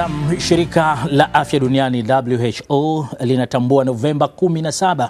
Nam, shirika la afya duniani WHO linatambua Novemba 17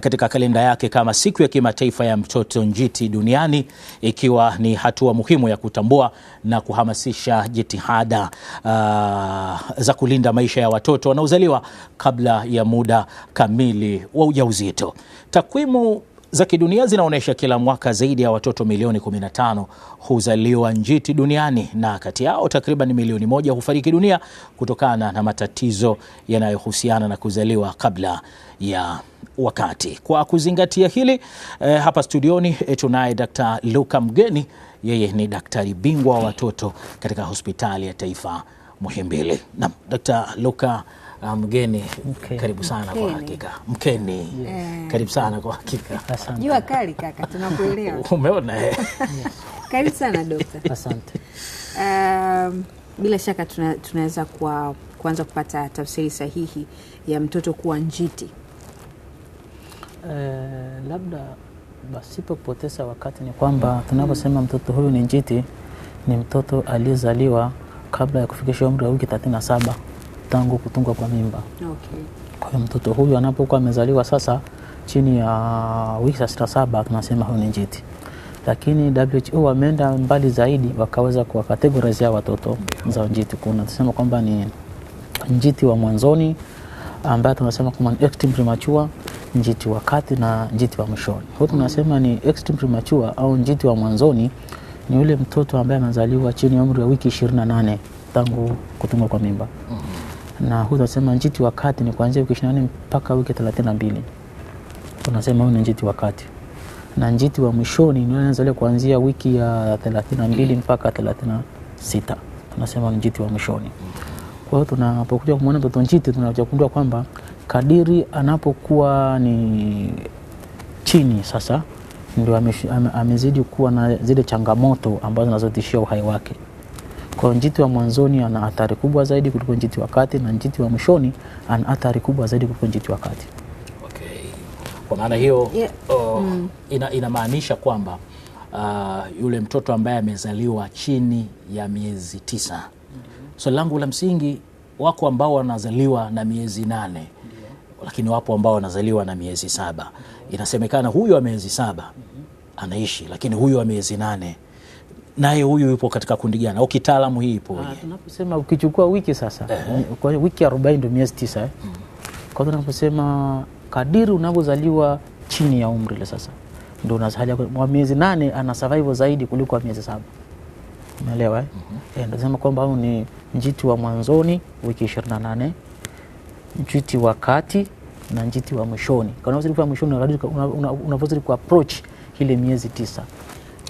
katika kalenda yake kama siku ya kimataifa ya mtoto njiti duniani, ikiwa ni hatua muhimu ya kutambua na kuhamasisha jitihada uh, za kulinda maisha ya watoto wanaozaliwa kabla ya muda kamili wa ujauzito. Takwimu za kidunia zinaonyesha kila mwaka zaidi ya watoto milioni 15 huzaliwa njiti duniani na kati yao takriban milioni moja hufariki dunia kutokana na matatizo yanayohusiana na kuzaliwa kabla ya wakati. Kwa kuzingatia hili eh, hapa studioni eh, tunaye Dkt. Luka Mgeni, yeye ni daktari bingwa wa watoto katika hospitali ya taifa Muhimbili. Naam, Dkt. Luka uh, mgeni okay. Karibu sana mkeni. Kwa hakika mkeni Yes. Karibu sana kwa hakika, jua kali kaka, tunakuelewa umeona eh. Karibu sana dokta, asante. Um, bila shaka tuna, tunaweza kwa kuanza kupata tafsiri sahihi ya mtoto kuwa njiti. Eh, labda basipo kupoteza wakati ni kwamba tunaposema mtoto huyu ni njiti, ni mtoto aliyezaliwa kabla ya kufikisha umri wa wiki 37 tangu kutungwa kwa mimba okay. Kwa hiyo mtoto huyu anapokuwa amezaliwa sasa chini ya wiki sita saba tunasema huyu ni njiti, lakini WHO wameenda mbali zaidi wakaweza kuwa categorize ya watoto za njiti. Kuna tunasema kwamba ni njiti wa mwanzoni ambaye tunasema kwamba ni extreme premature, njiti wa kati na njiti wa mwishoni. Huyu tunasema ni extreme premature au njiti wa mwanzoni ni yule mtoto ambaye anazaliwa chini ya umri wa wiki 28 tangu kutungwa kwa mimba. mm -hmm na huyu tunasema njiti wa kati ni kuanzia wiki 24 mpaka wiki 32. Tunasema huyu ni njiti wa kati, na njiti wa mwishoni ni kuanzia wiki ya 32 mpaka 36, tunasema ni njiti wa mwishoni. Kwa hiyo tunapokuja kumwona mtoto njiti, tunakuja kugundua kwamba kadiri anapokuwa ni chini sasa ndio amezidi kuwa na zile changamoto ambazo zinazotishia uhai wake. Kwa njiti wa mwanzoni ana athari kubwa zaidi kuliko njiti wa kati, na njiti wa mwishoni ana athari kubwa zaidi kuliko njiti wa kati. Okay. Kwa maana hiyo yeah. Oh, mm. ina, inamaanisha kwamba uh, yule mtoto ambaye amezaliwa chini ya miezi tisa mm -hmm. Swali so, langu la msingi, wako ambao wanazaliwa na miezi nane yeah. Lakini wapo ambao wanazaliwa na miezi saba. Inasemekana huyu wa miezi saba mm anaishi, lakini huyu wa miezi nane naye huyu yupo katika kundi gani au kitaalamu hii ipo? Ah, tunaposema ukichukua wiki sasa eh, kwa wiki 40 ndio miezi tisa eh. Mm. Kwa hiyo tunaposema kadiri unavyozaliwa chini ya umri ile sasa ndio unazalia kwa miezi nane ana survival zaidi kuliko miezi saba. Umeelewa eh? Mhm. eh ndio sema kwamba huyu ni njiti wa mwanzoni wiki 28, njiti wa kati na njiti wa mwishoni. Kwa hiyo unapozidi kwa mwishoni kwa approach ile miezi tisa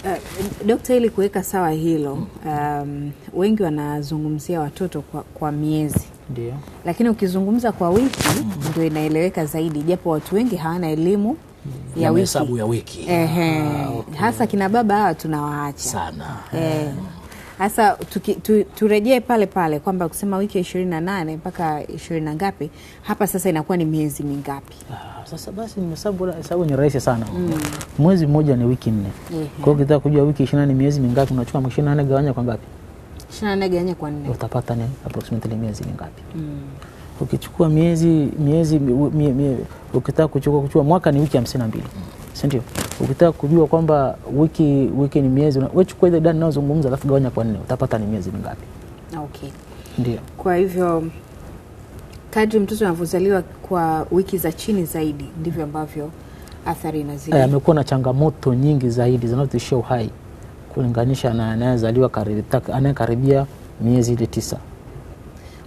Uh, dokta, ili kuweka sawa hilo, um, wengi wanazungumzia watoto kwa, kwa miezi ndio, lakini ukizungumza kwa wiki mm-hmm. ndio inaeleweka zaidi, japo watu wengi hawana elimu mm. ya wiki, ya wiki. Ehe. Ah, okay. Hasa kina baba hawa tunawaacha sana. Ehe. Eh hasa tu, turejee pale pale kwamba kusema wiki ya ishirini na nane mpaka ishirini na ngapi, hapa sasa inakuwa ni miezi mingapi? Ah, sasa basi hesabu ni rahisi sana mm. Mwezi mmoja ni wiki nne yeah. Kwa hiyo ukitaka kujua wiki ishirini na nane miezi mingapi, unachukua ishirini na nane gawanya kwa ngapi? ishirini na nane gawanya kwa nne utapata ni approximately miezi mingapi? mm. Ukichukua miezi miezi ukitaka kuchukua kuchukua mwaka ni wiki hamsini na mbili mm sindio Ukitaka kujua kwamba wiki wiki ni miezi, wewe chukua ile idadi ninayozungumza, alafu gawanya kwa nne, utapata ni miezi mingapi. Ah, okay. Ndio. Kwa hivyo kadri mtoto anavyozaliwa kwa wiki za chini zaidi, ndivyo ambavyo athari inazidi. Eh, amekuwa na changamoto nyingi zaidi zinazotishia uhai kulinganisha na anayezaliwa anayekaribia miezi ile tisa.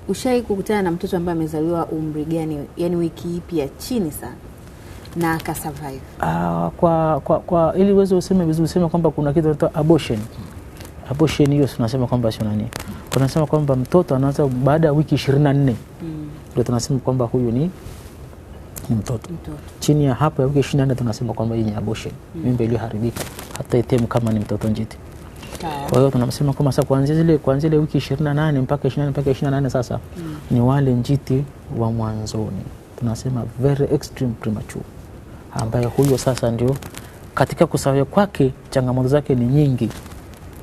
Ushai kukutana na mtoto ambaye amezaliwa umri gani, yani wiki ipi ya chini sana? na akasurvive? Uh, kwa, kwa, kwa ili uweze useme vizuri useme kwamba kuna kitu kinaitwa abortion. Abortion hiyo tunasema kwamba sio nani, tunasema kwamba mtoto anaanza baada ya wiki 24 mm. ndio mm. tunasema kwamba huyu ni ni mtoto. mtoto. Chini ya hapo ya wiki 24 tunasema kwamba hii ni abortion, mm. mimba iliyoharibika, hata itemu kama ni mtoto njiti. Kwa hiyo tunasema kwamba sasa kuanzia zile kuanzia ile wiki 28 mpaka 28 mpaka 28 sasa mm. ni wale njiti wa mwanzoni tunasema very extreme premature ambaye huyo sasa ndio katika kusawa kwake, changamoto zake ni nyingi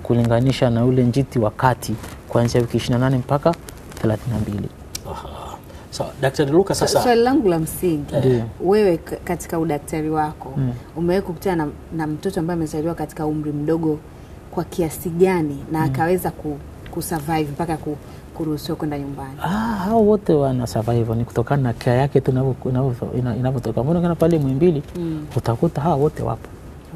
kulinganisha na ule njiti wa kati kuanzia wiki 28 mpaka 32. So, Daktari Luka sasa, swali so, so, langu la msingi yeah. Wewe katika udaktari wako mm. umewahi kukutana na, na mtoto ambaye amezaliwa katika umri mdogo kwa kiasi gani na mm. akaweza ku, kusurvive mpaka ku kuruhusiwa kwenda nyumbani. Ah, hao wote wana survive ni kutokana na kia yake tu inavyotoka. Mbona kana pale Mwimbili mm. utakuta hao wote wapo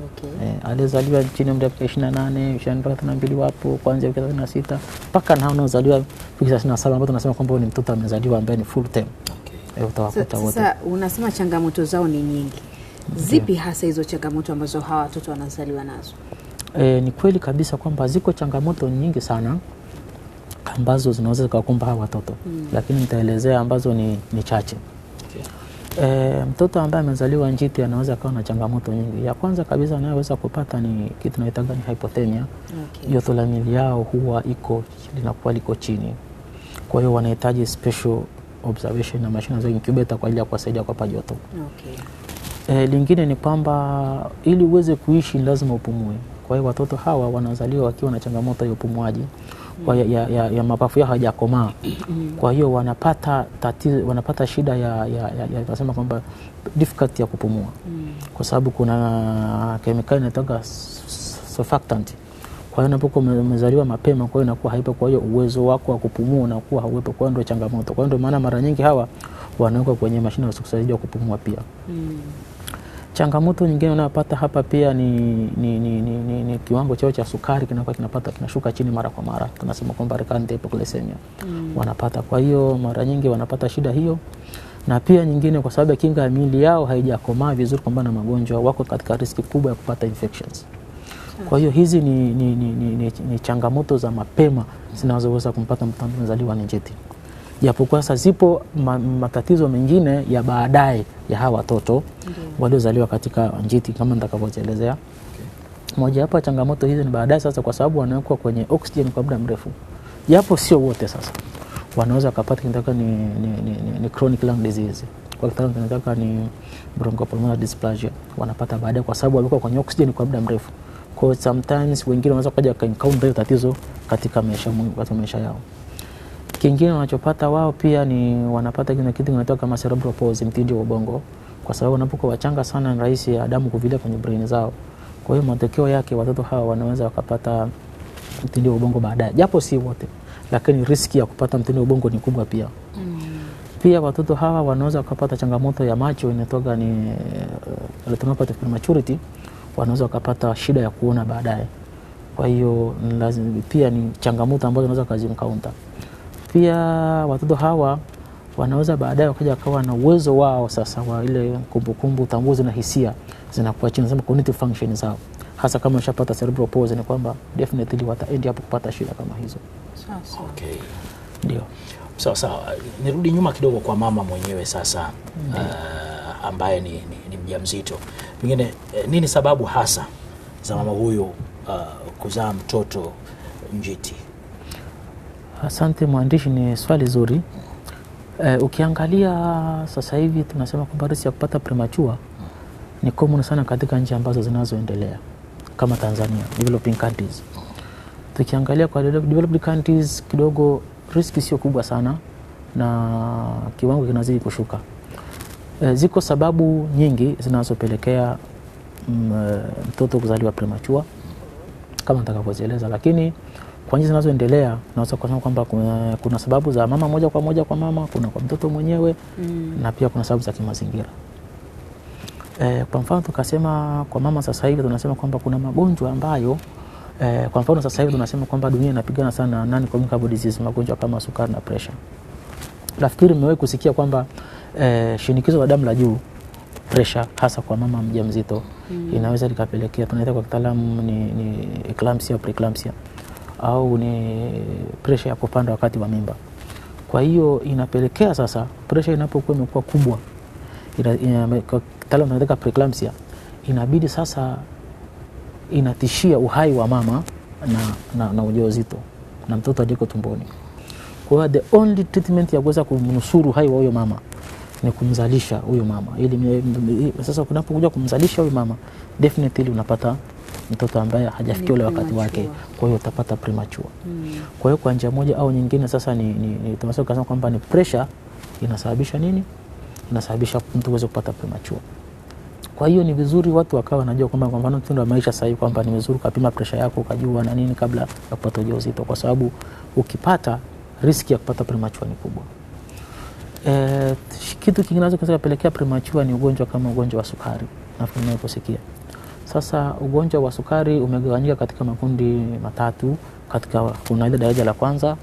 okay. Eh, alizaliwa chini umri wa miaka ishirini na nane ishirini mpaka thelathini na mbili wapo kuanzia miaka thelathini na sita mpaka na unaozaliwa thelathini na saba ambao tunasema kwamba ni mtoto amezaliwa ambaye ni full term okay. Eh, utawakuta wote. Sasa unasema changamoto zao ni nyingi okay. Zipi hasa hizo changamoto ambazo hawa watoto wanazaliwa nazo? Eh, ni kweli kabisa kwamba ziko changamoto nyingi sana mm ambazo zinaweza zikawakumba hawa watoto mm. Lakini nitaelezea ambazo ni, ni chache okay. E, mtoto ambaye amezaliwa njiti anaweza akawa na changamoto nyingi. Ya kwanza kabisa anayoweza kupata ni kitu tunaitaga ni hypothermia. Joto okay. la miili yao huwa iko linakuwa liko chini, kwa hiyo wanahitaji special observation na mashine za incubator kwa ajili ya kuwasaidia kuwapa joto okay. E, lingine ni kwamba ili uweze kuishi lazima upumue. Kwa hiyo watoto hawa wanazaliwa wakiwa na changamoto ya upumuaji kwa ya, ya, ya, ya mapafu yao hajakomaa Kwa hiyo wanapata tatizo, wanapata shida ya, ya, ya, ya tunasema kwamba difficulty ya kupumua kwa sababu kuna kemikali inatoka surfactant kwa hiyo unapokuwa umezaliwa mapema, kwa hiyo inakuwa haipo, kwa hiyo uwezo wako wa kupumua unakuwa hauwepo, kwa hiyo ndio changamoto. Kwa hiyo ndio maana mara nyingi hawa wanawekwa kwenye mashine ya kusaidia kupumua pia mm. Changamoto nyingine unayopata hapa pia ni, ni, ni, ni, ni, ni kiwango chao cha sukari kinakuwa kinapata kinashuka chini mara kwa mara, tunasema kwamba recurrent hypoglycemia mm. wanapata. Kwa hiyo mara nyingi wanapata shida hiyo, na pia nyingine kwa sababu ya kinga ya miili yao haijakomaa vizuri kwamba na magonjwa, wako katika riski kubwa ya kupata infections. Kwa hiyo hizi ni, ni, ni, ni, ni, ni changamoto za mapema zinazoweza kumpata mtu mzaliwa na njiti japokuwa sasa zipo ma, matatizo mengine ya baadaye ya hawa watoto waliozaliwa katika njiti kama nitakavyoelezea. Okay. Moja hapo changamoto hizi ni baadaye sasa, kwa sababu wanawekwa kwenye oxygen kwa muda mrefu, japo sio wote sasa wanaweza kupata kinataka ni, ni, ni, ni ni chronic lung disease kwa kitaalamu kinataka ni bronchopulmonary dysplasia, wanapata baadaye kwa sababu walikuwa kwenye oxygen kwa muda mrefu. Kwa sometimes wengine wanaweza kaja kaencounter tatizo katika maisha, katika maisha yao. Kingine wanachopata wao pia ni wanapata kuna kitu kinatoka kama cerebral palsy, mtindio wa ubongo, kwa sababu wanapokuwa wachanga sana, ni rahisi ya damu kuvilia kwenye brain zao. Kwa hiyo matokeo yake watoto hawa wanaweza wakapata mtindio wa ubongo baadaye, japo si wote, lakini riski ya kupata mtindio wa ubongo ni kubwa pia. Mm. Pia watoto hawa wanaweza wakapata changamoto ya macho inatoka ni uh, retinopathy of prematurity, wanaweza wakapata shida ya kuona baadaye. Kwa hiyo pia ni changamoto ambazo wanaweza kazi encounter pia watoto hawa wanaweza baadaye wakaja wakawa na uwezo wao sasa wa ile kumbukumbu, utambuzi na hisia zinakuwa chini, nasema cognitive function zao, hasa kama washapata cerebral palsy, ni kwamba definitely wata end up kupata shida kama hizo. Okay. Ndio. Sawa sawa, nirudi nyuma kidogo kwa mama mwenyewe sasa, uh, ambaye ni, ni, ni mjamzito pengine, eh, nini sababu hasa za mama huyu uh, kuzaa mtoto njiti? Asante mwandishi, ni swali zuri. E, ukiangalia sasa hivi tunasema kwamba riski ya kupata premature ni common sana katika nchi ambazo zinazoendelea kama Tanzania, developing countries. Tukiangalia kwa developed countries kidogo riski sio kubwa sana na kiwango kinazidi kushuka. E, ziko sababu nyingi zinazopelekea mm, eh, mtoto kuzaliwa premature kama nitakavyozieleza, lakini kwa njia zinazoendelea naweza kusema kwamba kuna, kuna sababu za mama moja kwa moja kwa mama, kuna kwa mtoto mwenyewe mm. na pia kuna sababu za kimazingira. E, kwa mfano tukasema kwa mama sasa hivi tunasema kwamba kuna magonjwa ambayo e, kwa mfano sasa hivi tunasema kwamba dunia inapigana sana nani communicable disease, magonjwa kama sukari na pressure. Nafikiri mmewahi kusikia kwamba e, shinikizo la damu la juu pressure hasa kwa mama mjamzito mm. inaweza likapelekea tunaita kwa kitaalamu ni, ni eclampsia preeclampsia au ni pressure ya kupanda wakati wa mimba. Kwa hiyo inapelekea sasa pressure inapokuwa imekuwa kubwa ina, ina, kwa kitaalamu tunaita preeclampsia, inabidi sasa inatishia uhai wa mama na, na, na ujauzito na mtoto aliko tumboni. Kwa hiyo the only treatment ya kuweza kumnusuru uhai wa huyo mama ni kumzalisha huyu mama ili sasa, kunapokuja kumzalisha huyu mama definitely unapata mtoto ambaye hajafikia ule wakati wake, kwa hiyo utapata premature. Mm. Kwa hiyo kwa njia moja au nyingine, sasa ni, ni, ni tunasema kwa kwamba ni pressure inasababisha nini? Inasababisha mtu uweze kupata premature. Kwa hiyo ni vizuri watu wakawa wanajua kwamba, kwa mfano mtindo wa maisha sahihi, kwamba ni vizuri kupima pressure yako ukajua na nini kabla ya kupata ujauzito, kwa sababu ukipata riski ya kupata premature ni kubwa. E, kitu kingine nacho kupelekea premature ni ugonjwa kama ugonjwa wa sukari, nafikiri unaposikia. Sasa ugonjwa wa sukari umegawanyika katika makundi matatu, katika kuna ile daraja la kwanza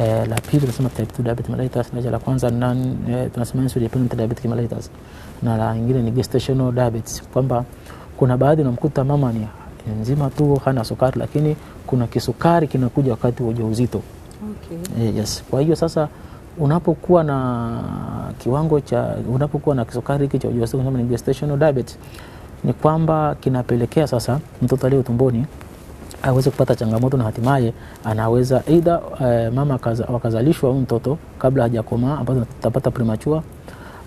eh, la pili tunasema type 2 diabetes mellitus, daraja la kwanza na eh, tunasema insulin dependent diabetes mellitus, na la nyingine ni gestational diabetes, kwamba kuna baadhi unamkuta mama ni nzima tu hana sukari, lakini kuna kisukari kinakuja wakati wa ujauzito. Okay. Eh, yes. Kwa hiyo sasa unapokuwa na kiwango cha unapokuwa na kisukari hiki cha ujauzito ni gestational diabetes, ni kwamba kinapelekea sasa mtoto aliye tumboni aweze kupata changamoto na hatimaye anaweza either eh, mama wakazalishwa huyu mtoto kabla hajakomaa, ambazo tutapata premature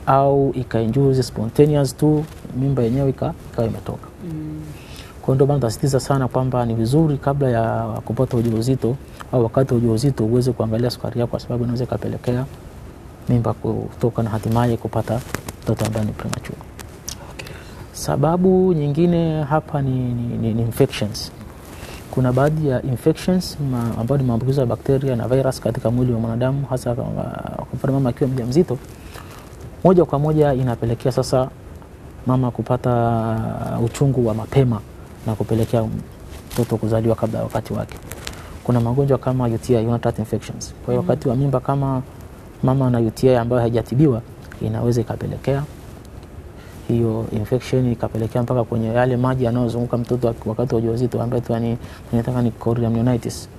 au ikainjuzi spontaneous tu mimba yenyewe ikawa imetoka. mm. Kwa ndio maana tunasisitiza sana kwamba ni vizuri kabla ya kupata ujauzito au wakati wa ujauzito uweze kuangalia sukari yako, kwa sababu inaweza ikapelekea mimba kutoka na hatimaye kupata mtoto ambaye ni premature. Sababu nyingine hapa ni, ni, ni, ni infections. Kuna baadhi ya infections ambayo ni maambukizo ya bakteria na virus katika mwili wa mwanadamu, hasa kwa mfano mama akiwa mjamzito, moja kwa moja inapelekea sasa mama kupata uchungu wa mapema na kupelekea mtoto kuzaliwa kabla ya wakati wake. Kuna magonjwa kama UTI, urinary tract infections. Kwa hiyo mm-hmm. wakati wa mimba kama mama ana UTI ambayo haijatibiwa inaweza ikapelekea hiyo infection ikapelekea mpaka kwenye yale maji yanayozunguka mtoto wakati wa ujauzito ambayo tunataka ni chorioamnionitis.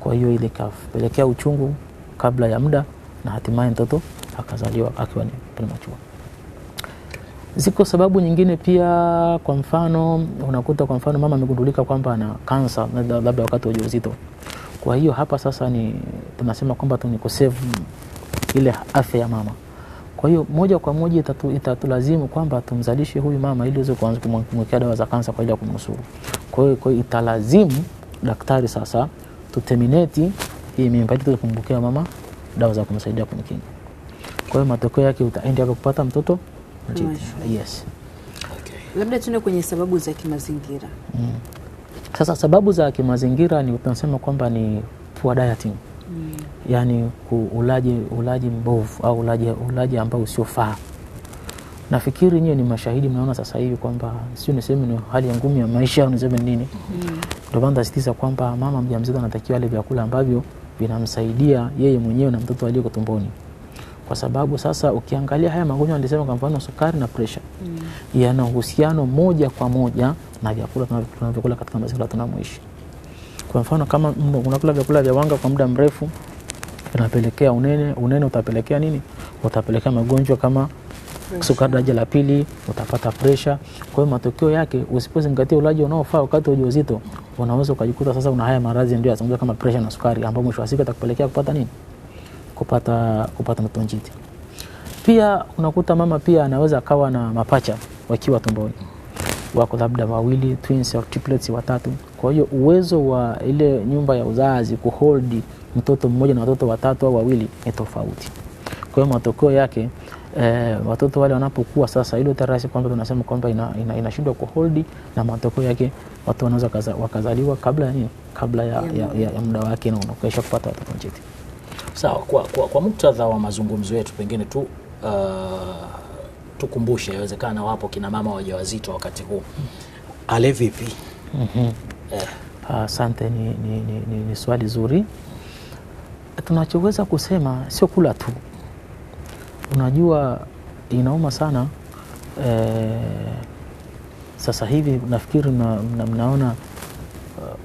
Kwa hiyo ile ikapelekea uchungu kabla ya muda na hatimaye mtoto akazaliwa akiwa ni premature. Ziko sababu nyingine pia, kwa mfano unakuta kwa mfano mama amegundulika kwamba ana kansa labda wakati wa ujauzito. Kwa hiyo hapa sasa ni tunasema kwamba tu tunikosevu ile afya ya mama. Kwa hiyo moja kwa moja itatulazimu itatu kwamba tumzalishe huyu mama ili uweze kuanza kumwekea dawa za kansa kwa ajili ya kumnusuru. Kwa hiyo italazimu daktari sasa tutemineti hii mimba ili tuweze kumbukia mama dawa za kumsaidia kumkinga. Kwa hiyo matokeo yake utaenda kupata mtoto Yes. Okay. Labda tuende kwenye sababu za kimazingira mm. Sasa sababu za kimazingira ni tunasema kwamba ni poor dieting mm. Yaani ulaji, ulaji mbovu au ulaji, ulaji ambao usiofaa. Nafikiri nyiwe ni mashahidi, mnaona sasa hivi kwamba sio niseme ni hali ya ngumu ya maisha au niseme nini, mm. ndio maana nasisitiza kwamba mama mjamzito anatakiwa ale vyakula ambavyo vinamsaidia yeye mwenyewe na mtoto aliyeko tumboni kwa sababu sasa ukiangalia haya magonjwa nilisema, kwa mfano sukari na presha mm. yana uhusiano moja kwa moja na vyakula tunavyokula katika mazingira tunamoishi. Kwa mfano kama unakula vyakula vya wanga kwa muda mrefu unapelekea unene. Unene utapelekea nini? Utapelekea magonjwa kama sukari daraja la pili, utapata presha. Kwa hiyo matokeo yake, usipozingatia ulaji unaofaa wakati wa ujauzito, unaweza ukajikuta sasa una haya maradhi ndio yanazungumza kama presha na sukari, ambapo mwisho wa siku atakupelekea kupata nini kupata, kupata mtoto Pia unakuta mama pia anaweza akawa na mapacha wakiwa tumboni, wako labda wawili twins au triplets watatu. Kwa hiyo uwezo wa ile nyumba ya uzazi kuholdi mtoto mmoja na watoto watatu au wawili ni tofauti. Kwa hiyo matokeo yake eh, watoto wale wanapokuwa sasa, ile tarasi kwamba tunasema kwamba inashindwa ina, ina kuholdi, na matokeo yake watu wanaweza wakazaliwa kabla ya nini, kabla ya, ya, ya, ya muda wake na unakuisha kupata watoto njiti. Sawa, kwa, kwa, kwa muktadha wa mazungumzo yetu pengine tu uh, tukumbushe, yawezekana wapo kina mama wajawazito wakati huu ale vipi? mm-hmm. eh. Asante, ni, ni, ni, ni, ni swali zuri. Tunachoweza kusema sio kula tu, unajua inauma sana eh, sasa hivi nafikiri mna, mna, mnaona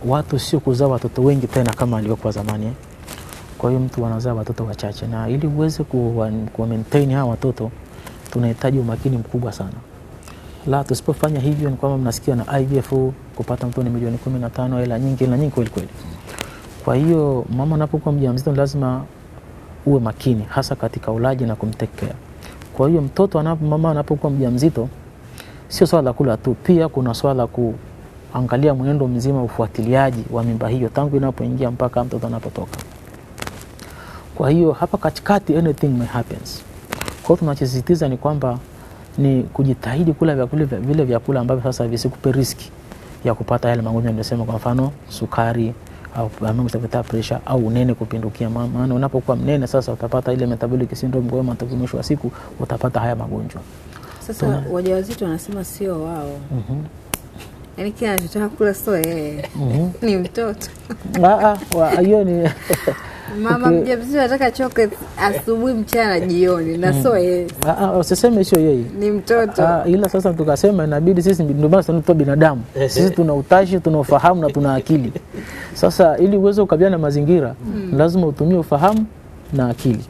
uh, watu sio kuzaa watoto wengi tena kama alivyokuwa zamani eh? Kwa hiyo mtu anazaa watoto wachache, na ili uweze ku, kuwa maintain hawa watoto tunahitaji umakini mkubwa sana. La, tusipofanya hivyo ni kwamba mnasikia na IVF kupata mtoto ni milioni 15, hela nyingi, na nyingi kweli kweli. Kwa hiyo mama anapokuwa mjamzito lazima uwe makini hasa katika ulaji na kumtekea. Kwa hiyo mtoto anapo, mama anapokuwa mjamzito sio swala la kula tu, pia kuna swala kuangalia mwenendo mzima, ufuatiliaji wa mimba hiyo tangu inapoingia mpaka mtoto anapotoka. Kwa hiyo hapa katikati anything may happens. Kwa hiyo tunachosisitiza ni kwamba ni kujitahidi kula vyakula vile vyakula ambavyo sasa visikupe riski ya kupata yale magonjwa nimesema, kwa mfano sukari au pressure au unene kupindukia, maana unapokuwa mnene sasa utapata ile metabolic syndrome. Kwa hiyo matokeo mwisho wa siku utapata haya magonjwa. Sasa wajawazito wanasema sio wao, Mhm. mm-hmm. Yaani kile anachotaka kula sio yeye, mhm. ni mtoto Ah ah, hiyo ni Mama mjamzito anataka choke asubuhi, mchana, jioni na hmm. so yeye. Ah, ah, ah, usiseme sio yeye, ni mtoto. Ila sasa tukasema inabidi sisi, ndio maana sisi binadamu sisi tuna utashi, tuna ufahamu na tuna akili. Sasa ili uweze kukabiliana na mazingira mm, lazima utumie ufahamu na akili.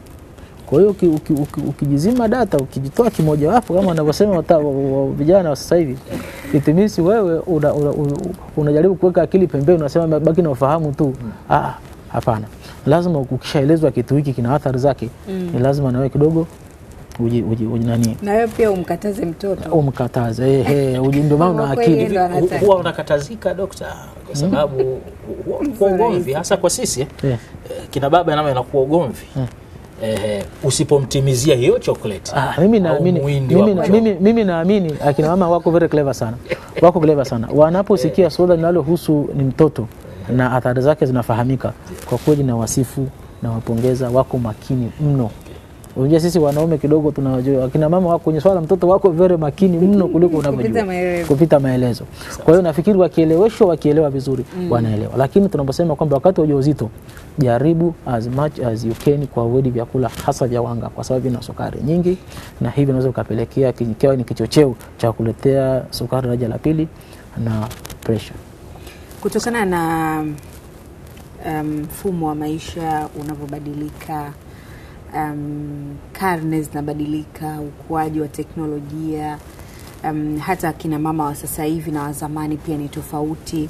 Kwa hiyo ukijizima data, ukijitoa kimojawapo, kama wanavyosema vijana wa sasa hivi, itimisi wewe unajaribu una, una, una kuweka akili pembeni, unasema baki na ufahamu tu. Hmm. Ah, hapana lazima ukishaelezwa kitu hiki kina athari zake mm. ni lazima nawe kidogo uji, uji, uji nani na wewe pia umkataze mtoto umkataze, ehe, uji ndio maana akili huwa unakatazika dokta, kwa mm. sababu kwa ugomvi hasa kwa sisi eh. yeah. Eh, kina baba nao inakuwa ugomvi yeah. Mm. Eh, usipomtimizia hiyo chocolate. Ah, mimi naamini mimi, mimi, mimi naamini akina mama wako very clever sana, wako clever sana wanaposikia eh. swala linalohusu ni mtoto na athari zake zinafahamika. Kwa kweli na wasifu na wapongeza, wako makini mno. Unajua sisi wanaume kidogo tunajua, akina mama wako kwenye swala mtoto wako very makini mno kuliko unavyojua kupita maelezo. Kwa hiyo nafikiri wakieleweshwa, wakielewa vizuri mm. wanaelewa, lakini tunaposema kwamba wakati wa ujauzito jaribu as much as you can kwa wedi vyakula hasa vya wanga, kwa sababu vina sukari nyingi, na hivi unaweza ukapelekea kiwa ni kichocheo cha kuletea sukari daraja la pili na pressure kutokana na um, mfumo um, wa maisha unavyobadilika, um, karne zinabadilika, ukuaji wa teknolojia um, hata akina mama wa sasa hivi na wazamani pia ni tofauti.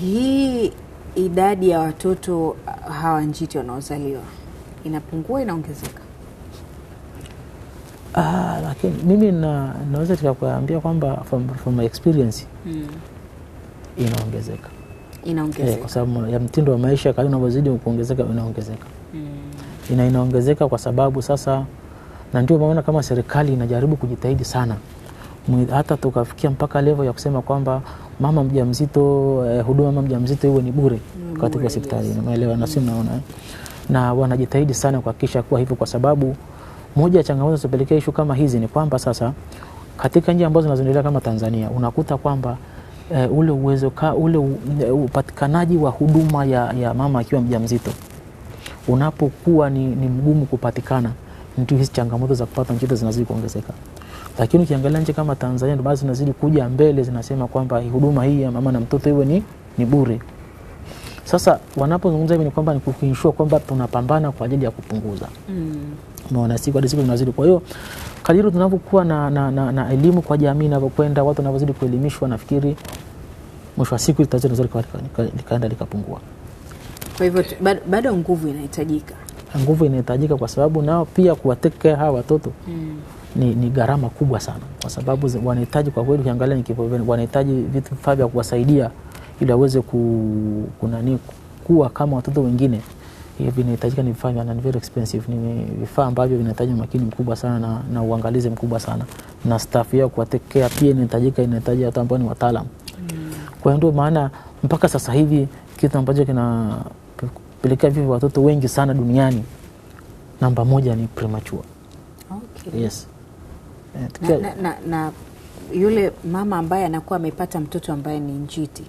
Hii idadi ya watoto uh, hawa njiti wanaozaliwa inapungua, inaongezeka? Ah, lakini mimi na, naweza tukakuambia kwamba from, from my experience mm inaongezeka inaongezeka, yeah, kwa sababu ya mtindo wa maisha kadri unavyozidi kuongezeka inaongezeka mm. ina inaongezeka kwa sababu sasa, na ndio maana kama serikali inajaribu kujitahidi sana hata tukafikia mpaka level ya kusema kwamba mama mjamzito eh, huduma mama mjamzito iwe ni bure katika hospitalini yes. Umeelewa na si unaona mm. Eh? na wanajitahidi sana kuhakikisha kuwa hivyo, kwa sababu moja ya changamoto zinazopelekea ishu kama hizi ni kwamba sasa katika nchi ambazo zinazoendelea kama Tanzania unakuta kwamba uh, ule uwezo ka, ule eh, upatikanaji wa huduma ya, ya mama akiwa mjamzito unapokuwa ni, ni mgumu kupatikana, ndio hizi changamoto za kupata mtoto zinazidi kuongezeka. Lakini ukiangalia nchi kama Tanzania ndio basi zinazidi kuja mbele, zinasema kwamba huduma hii ya mama na mtoto iwe ni, ni bure. Sasa wanapozungumza hivi ni kwamba ni kuinshua kwamba tunapambana kwa ajili ya kupunguza mm. maana siku hadi siku zinazidi. Kwa hiyo kadiri tunavyokuwa na, na, na, na elimu kwa jamii inavyokwenda, watu wanavyozidi kuelimishwa, nafikiri mwisho wa siku tatizo linaweza likaenda likapungua. Kwa hivyo bado nguvu inahitajika, nguvu inahitajika kwa sababu nao pia kuwatekea hawa watoto mm. ni, ni gharama kubwa sana, kwa sababu wanahitaji kwa kweli, ukiangalia wanahitaji vitu vifaa vya kuwasaidia ili waweze kunani kuwa kama watoto wengine vinahitajika ni vifaa na very expensive. Ni vifaa ambavyo vinahitaji umakini mkubwa sana na, na uangalizi mkubwa sana na staff yao kuwatekea pia inahitajika, inahitaji hata ambao ni wataalam mm. Kwa hiyo ndio maana mpaka sasa hivi kitu ambacho kinapelekea vifo watoto wengi sana duniani, namba moja ni premature. Okay. Yes. Na, na, na, na yule mama ambaye anakuwa amepata mtoto ambaye ni njiti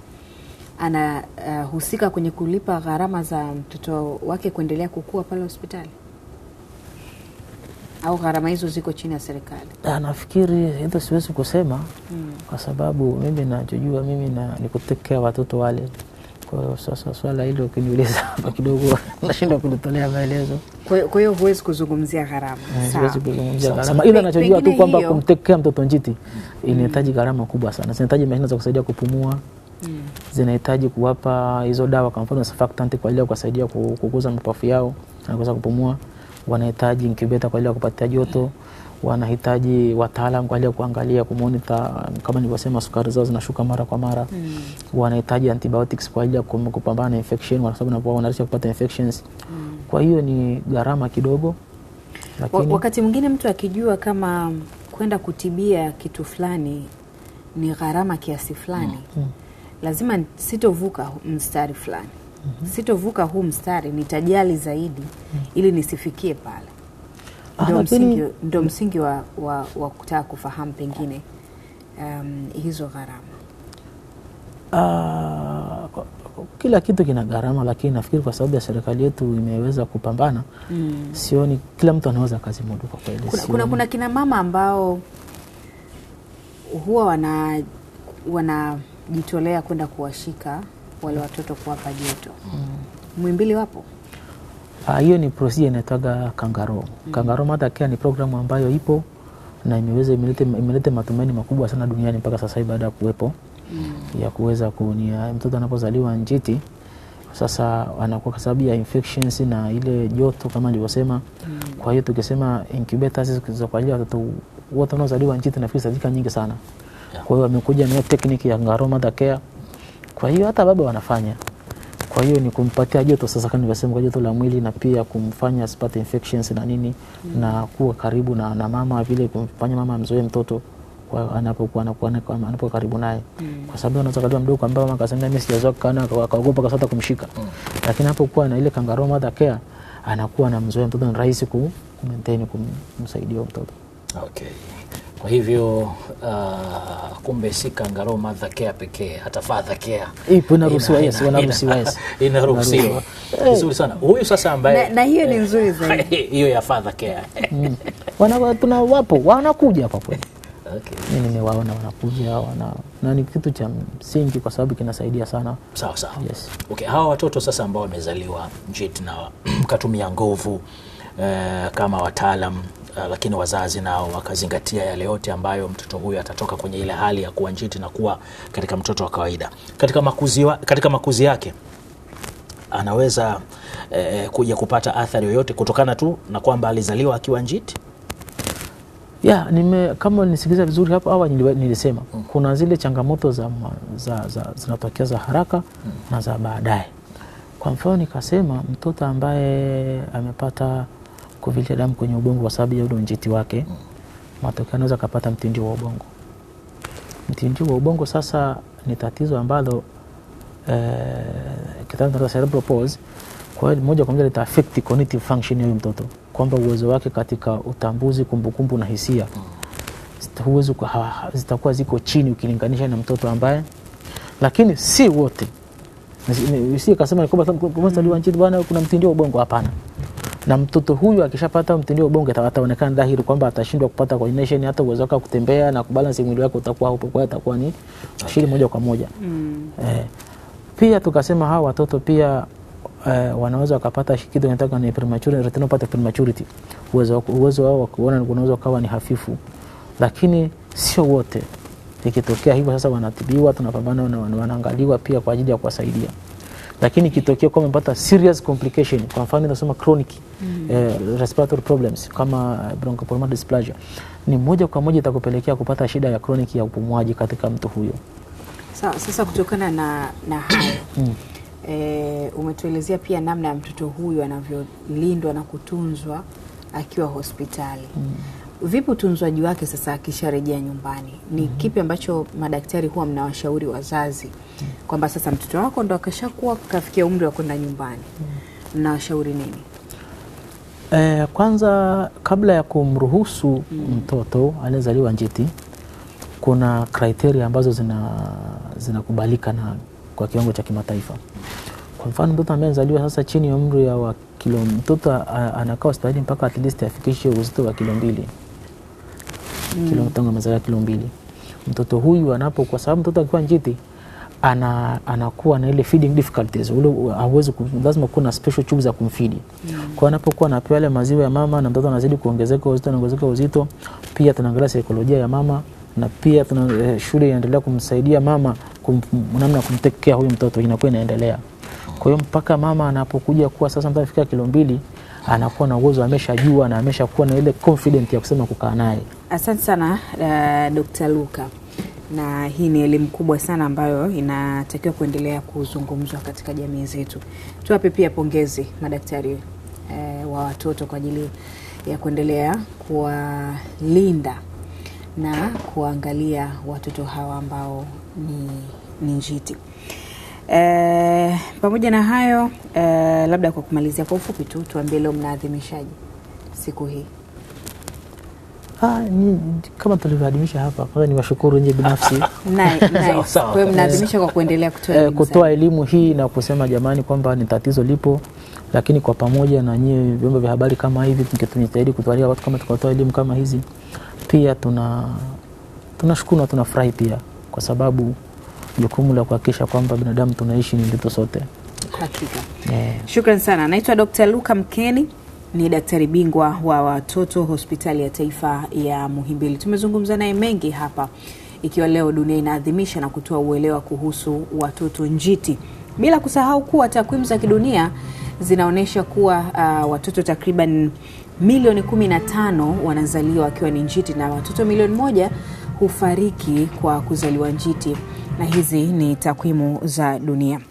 anahusika eh, uh, kwenye kulipa gharama za mtoto wake kuendelea kukua pale hospitali au gharama hizo ziko chini ya serikali? Ah, nafikiri hizo siwezi kusema mm. kwa sababu mimi nachojua mimi na, kutekea watoto wale. Kwa hiyo sasa swala hilo ukiniuliza hapa kidogo nashindwa kulitolea maelezo. Kwa hiyo huwezi kuzungumzia gharama, eh, siwezi kuzungumzia gharama, ila nachojua tu kwamba kumtekea mtoto njiti hmm. inahitaji gharama kubwa sana, zinahitaji mashine za kusaidia kupumua mm. zinahitaji kuwapa hizo dawa, kwa mfano surfactant kwa ajili ya kuwasaidia kukuza mapafu yao na kuweza kupumua. Wanahitaji incubator kwa ajili ya kupatia joto wanahitaji wataalam kwa ajili ya kuangalia kumonita, kama nilivyosema, sukari zao zinashuka mara kwa mara mm. Wanahitaji antibiotics kwa ajili ya kupambana na infection, kwa sababu wanarisha kupata infections mm. Kwa hiyo ni gharama kidogo, lakini wakati mwingine mtu akijua kama kwenda kutibia kitu fulani ni gharama kiasi fulani mm. mm lazima sitovuka mstari fulani mm -hmm. sitovuka huu mstari nitajali zaidi mm -hmm. ili nisifikie pale ah, ndo msingi, msingi wa, wa, wa kutaka kufahamu pengine um, hizo gharama uh, kila kitu kina gharama, lakini nafikiri kwa sababu ya serikali yetu imeweza kupambana mm. Sioni kila mtu anaweza kazimudu kwa kweli. Kuna, kuna, kuna kina mama ambao huwa wana, wana kujitolea kwenda kuwashika wale mm. watoto kuwapa joto Muhimbili mm. wapo? Ah, hiyo ni inaitwaga kangaro mm. Kangaro Mother Care ni programu ambayo ipo na imeweza imeleta matumaini makubwa sana duniani mpaka sasa hivi baada ya kuwepo mm. ya kuweza kunia mtoto anapozaliwa njiti sasa anakuwa kwa sababu ya infections na ile joto kama nilivyosema. mm. kwa hiyo tukisema incubators kwa ajili ya watoto wote wanaozaliwa njiti nafikiri zitahitajika nyingi sana. Kwa hiyo wamekuja na tekniki ya ngaroma dakea, kwa hiyo hata baba wanafanya. Kwa hiyo ni kumpatia joto sasa, kama nilivyosema, kwa joto la mwili na pia kumfanya asipate infections na nini mm. na kuwa karibu na, na mama vile, kumfanya mama amzoee mtoto anapokuwa anapo karibu naye mm. kwa sababu unaweza kujua mdogo ambaye mama akasema mimi sijazoea kana akaogopa kasata kumshika mm. lakini anapokuwa na ile kangaroo care anakuwa na anamzoea mtoto, ni rahisi ku maintain kumsaidia mtoto. Okay. Kwa hivyo uh, kumbe si kangaroo mother care pekee, hata father care ipo inaruhusiwa. Yes, wanaruhusiwa. Yes, inaruhusiwa vizuri sana. Huyu sasa ambaye na, na hiyo ni nzuri zaidi hiyo ya father care mm. Wana kuna wapo wanakuja hapa kweli Okay. Mimi nimewaona wanakuja wana, na ni kitu cha msingi kwa sababu kinasaidia sana. Sawa sawa. Yes. Okay, hawa watoto sasa ambao wamezaliwa njiti na mkatumia nguvu eh, kama wataalam uh, lakini wazazi nao wakazingatia yale yote ambayo mtoto huyo atatoka kwenye ile hali ya kuwa njiti na kuwa katika mtoto wa kawaida. Katika makuzi, wa, katika makuzi yake anaweza eh, kuja kupata athari yoyote kutokana tu na kwamba alizaliwa akiwa njiti ya nime, kama nisikiza vizuri hapo awa nilisema mm. kuna zile changamoto za, za, za, zinatokea za haraka mm. na za baadaye. Kwa mfano nikasema mtoto ambaye amepata kuvilisha damu kwenye ubongo kwa sababu ya ule njiti wake, mm. matokeo anaweza akapata mtindio wa ubongo. Mtindio wa ubongo sasa ni tatizo ambalo eh, kitaalamu tunaita cerebral palsy. Kwa hiyo moja kwa moja affect cognitive function ya mtoto, kwamba uwezo wake katika utambuzi, kumbukumbu na hisia mm. huwezi zitakuwa ziko chini ukilinganisha na mtoto ambaye, lakini si wote, si kasema kwamba kuna mtindio wa ubongo. Hapana na mtoto huyu akishapata mtindio ubonge ataonekana dhahiri kwamba atashindwa kupata coordination, hata uwezo wake kutembea na kubalance mwili wake utakuwa haupo, kwa atakuwa ni shida moja kwa moja mm. Eh, pia tukasema hawa watoto pia eh, wanaweza wakapata shikido inataka ni premature retinopathy prematurity, uwezo uwezo wao wa kuona unaweza kuwa ni hafifu, lakini sio wote. Ikitokea hivyo sasa, wanatibiwa tunapambana, wanaangaliwa pia kwa ajili ya kuwasaidia lakini ikitokea kwa umepata serious complication, kwa mfano tunasema chronic mm. eh, respiratory problems kama eh, bronchopulmonary dysplasia, ni moja kwa moja itakupelekea kupata shida ya chronic ya upumuaji katika mtu huyo. Sawa, sasa kutokana na, na hayo e, umetuelezea pia namna ya mtoto huyu anavyolindwa na kutunzwa akiwa hospitali mm. Vipi utunzwaji wake sasa akisharejea nyumbani? Ni mm -hmm. Kipi ambacho madaktari huwa mnawashauri wazazi mm -hmm. kwamba sasa mtoto wako ndo akashakuwa kafikia umri wa kwenda nyumbani mhm. mnawashauri mm -hmm. nini? Eh, kwanza kabla ya kumruhusu mm -hmm. mtoto anayezaliwa njiti kuna kriteria ambazo zinakubalika zina na kwa kiwango cha kimataifa. Kwa mfano mtoto amezaliwa sasa chini ya umri wa kilo, mtoto anakaa hospitalini mpaka at least afikishe uzito wa kilo mbili mm. kilo tanga maziwa kilo mbili. Mtoto huyu anapo, kwa sababu mtoto akiwa njiti ana, anakuwa na ile feeding difficulties ule, hawezi lazima kuwa na special tube za kumfeed mm. kwa anapokuwa anapewa yale maziwa ya mama na mtoto anazidi kuongezeka uzito, na kuongezeka uzito. Pia tunaangalia saikolojia ya mama na pia tuna eh, shule inaendelea kumsaidia mama kum, namna kumtekea huyu mtoto inakuwa inaendelea. Kwa hiyo mpaka mama anapokuja kuwa sasa mtoto afika kilo mbili anakuwa na uwezo, ameshajua na ameshakuwa na ile confident ya kusema kukaa naye. Asante sana uh, eh, Dr. Luka, na hii ni elimu kubwa sana ambayo inatakiwa kuendelea kuzungumzwa katika jamii zetu. Tuwape pia pongezi madaktari uh, wa watoto kwa ajili ya kuendelea kuwalinda na kuwaangalia watoto hawa ambao ni, ni njiti. E, pamoja na hayo e, labda kwa kumalizia kwa ufupi tu tuambie leo mnaadhimishaje siku hii? Ah, ni, kama tulivyoadhimisha hapa kwanza ni washukuru nje binafsi kutoa eh, elimu hii na kusema jamani, kwamba ni tatizo lipo, lakini kwa pamoja na nyie vyombo vya habari kama hivi tunajitahidi kutwalia watu kama tukatoa elimu kama hizi pia tuna tunashukuru na tunafurahi pia, kwa sababu jukumu la kuhakikisha kwamba binadamu tunaishi ni ndoto sote. Hakika. Yeah. Shukran sana. Naitwa Dr. Luka Mkeni ni daktari bingwa wa watoto hospitali ya taifa ya Muhimbili. Tumezungumza naye mengi hapa, ikiwa leo dunia inaadhimisha na kutoa uelewa kuhusu watoto njiti, bila kusahau kuwa takwimu za kidunia zinaonyesha kuwa uh, watoto takriban milioni 15 wanazaliwa wakiwa ni njiti na watoto milioni moja hufariki kwa kuzaliwa njiti, na hizi ni takwimu za dunia.